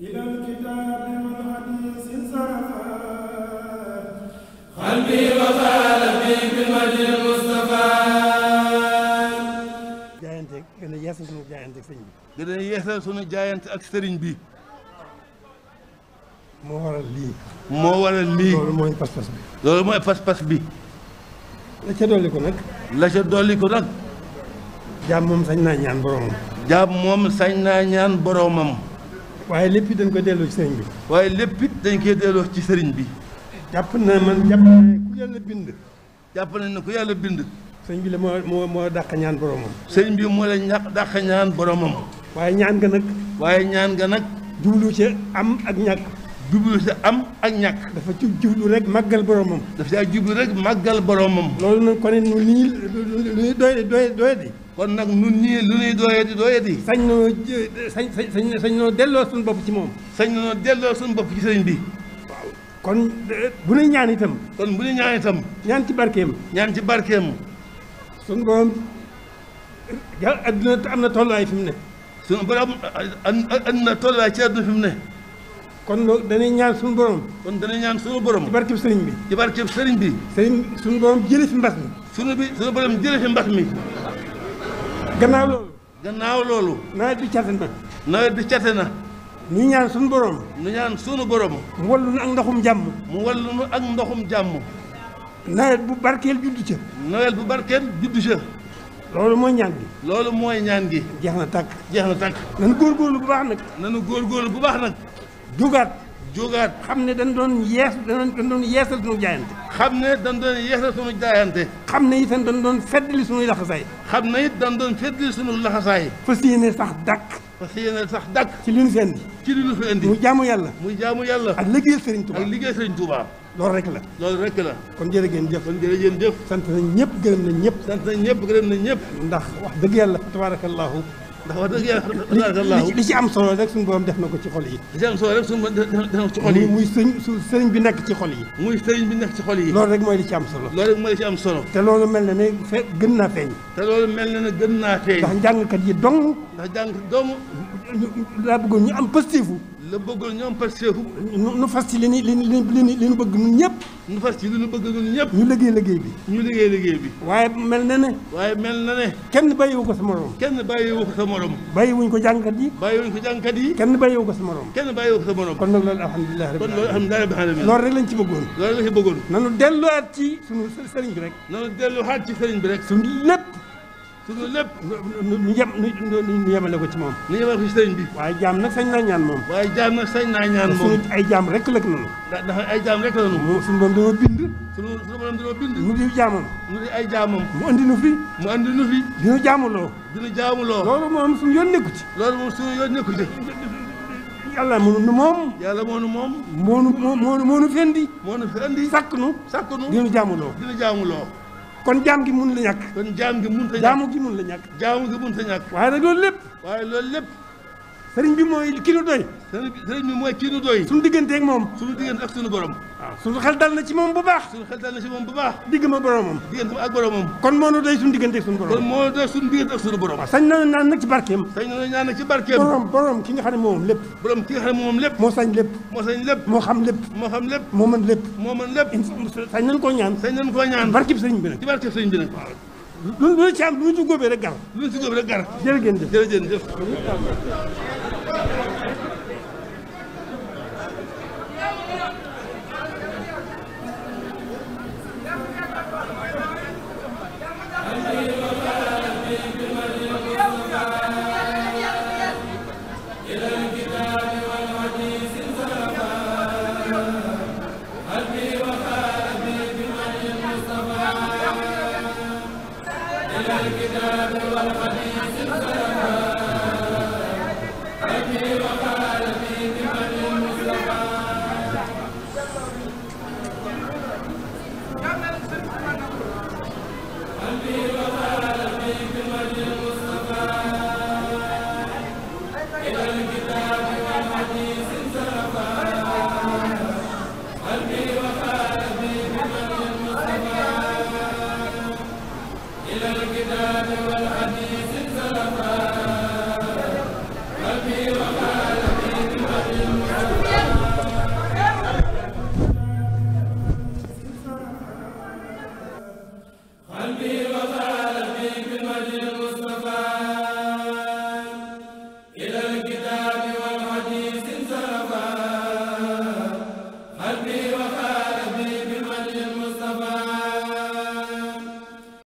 jaayante gën a yeesal sunu ak sëriñ bi. gën a moo pas-pas bi. bi. la ca dolli ko nag. la ca dolli ko nag. jaam moom sañ naa ñaan boromam. jaam moom sañ naa ñaan boromam. waaye lépp dañ ko delloo ci sëriñ bi. waaye lépp dañ koy delloo ci sëriñ bi. jàpp na man jàpp na ku yàlla bind. jàpp nañ ne ku yàlla bind. sëriñ bi la moo moo moo dàq ñaan boromam. sëriñ bi moo la ñàq dàq ñaan boromam. waaye ñaan nga nag. waaye ñaan nga nag. jublu ci am ak ñàkk. jublu ci am ak ñàkk. dafa ci jublu rek màggal boromam. dafa ci jublu rek màggal boromam. loolu nag kon ni lu ñuy doy doy doy di. kon nag nun ñii lu ñuy doyati doyati. sañ noo sañ sañ sañ noo delloo suñu bopp ci moom. sañ noo delloo suñu bopp ci sëriñ bi. kon bu ñuy ñaan itam. kon bu ñuy ñaan itam. ñaan ci barkeem. ñaan ci barkeem. suñu borom ja adduna am na tolluwaay ne. suñu borom am na tolluwaay ci adduna fi ne. kon loolu dañuy ñaan suñu borom. kon dañuy ñaan suñu borom. ci barkeeb sëriñ bi. ci barkeeb sëriñ bi. sëriñ suñu borom jëlee fi mbas mi. suñu bi suñu borom jëlee fi mi. gannaaw loolu. gannaaw loolu. nawet bi cate na. nawet bi cate na. ñu ñaan suñu borom. ñu ñaan suñu borom. mu wallu nu ak ndoxum jàmm. mu wallu nu ak ndoxum jàmm. nawet bu barkeel juddu ca. nawet bu barkeel juddu ca. loolu mooy ñaan gi. loolu mooy ñaan gi. jeex na tàkk. jeex na tàkk. góor góorgóorlu bu baax nag. na góor góorgóorlu bu baax nag. jugaat. jógaat xam ne dañ doon yees dañ doon yeesal suñu jaayante xam ne dañ doon yeesal suñu jaayante xam ne itam dañ doon feddali suñuy laxasaay xam ne it dañ doon feddali suñu laxasaay fas yéene sax dàkk fas yéene sax dàkk ci li ñu fi indi ci li ñu fi indi muy jaamu yàlla muy jaamu yàlla ak liggéey sëriñ Touba ak liggéey sëriñ Touba loolu rek la loolu rek la kon jërë ngeen jëf kon jërë ngeen jëf sant nañ ñëpp gërëm nañ ñëpp sant nañ ñëpp gërëm nañ ñëpp ndax wax dëgg yàlla tabaarakallaahu ndax wax dëgg yàlla li ci am solo rek suñu borom def na ko ci xol yi li ci am solo rek suñu borom def na ko ci xol yi muy sëriñ bi nekk ci xol yi muy sëriñ bi nekk ci xol yi loolu rek mooy li ci am solo loolu mooy li ci am solo te loolu mel na ne fe gën naa feeñ te loolu mel na ne gën naa feeñ ndax kat yi dong ndax jàngkat dong laa bëggoon ñu am pastifu la bëggoon ñoom parce que nu fas ci li ñu li ñu li ñu bëgg ñun nu bëgg ñun ñëpp ñu liggéey liggéey bi ñu liggéey liggéey bi waaye mel na ne waaye mel na ne kenn bàyyiwu ko sa morom kenn bàyyiwu ko sa morom bàyyiwuñ ko jàngkat yi bàyyiwuñ ko jàngkat yi kenn bàyyiwu ko sa morom kenn bàyyiwu ko sa morom kon loolu alhamdulilah kon loolu alhamdulilah rabbil loolu rek lañ ci bëggoon loolu lañ ci bëggoon nanu delluwaat ci suñu sëriñ bi rek nanu delluwaat ci sëriñ bi rek suñu lépp te loolu lépp. nu yem nu ko ci moom. nu yemale ko ci sëriñ bi. waaye jaam na sañ naa ñaan moom. waaye jaam nag sañ naa ñaan moom. suñu ay jaam rek la noonu. dafa ay jaam rek la noonu. moom suñu doom dañoo bind. suñu suñu borom dañoo bind. mu di jaamam. mu di ay jaamam. mu andi nu fi. mu andi nu fi. dinu jaamuloo. dinu jaamuloo. loolu moom suñu yoon nekku ci. loolu moom suñu yoon nekku ci. yàlla mënu nu moom. yàlla mënu moom. moonu moonu moonu fendi. moonu fendi. sakk nu. sakk nu dinu jaamuloo. dinu jaamuloo. kon jaam gi mun la ñàkk. kon jaam gi mun la ñàkk jaamu gi mun la ñàkk. jaamu gi la ñàkk. waaye nag loolu lépp. waaye loolu lépp. sëriñ bi mooy moom suñu diggante ak suñu borom waaw suñu xel dal na ci moom bu baax suñu xel dal na ci moom bu baax digg ma boromam diggante ak boromam kon moo nu sañ na naan nag ci barkeem sañ na nag ci barkeem moo sañ lépp moo sañ lépp moo xam lépp moo xam lépp moo mën lépp moo mën lépp sañ nañ koo ñaan الكتاب والحديث السلام إلى الجبال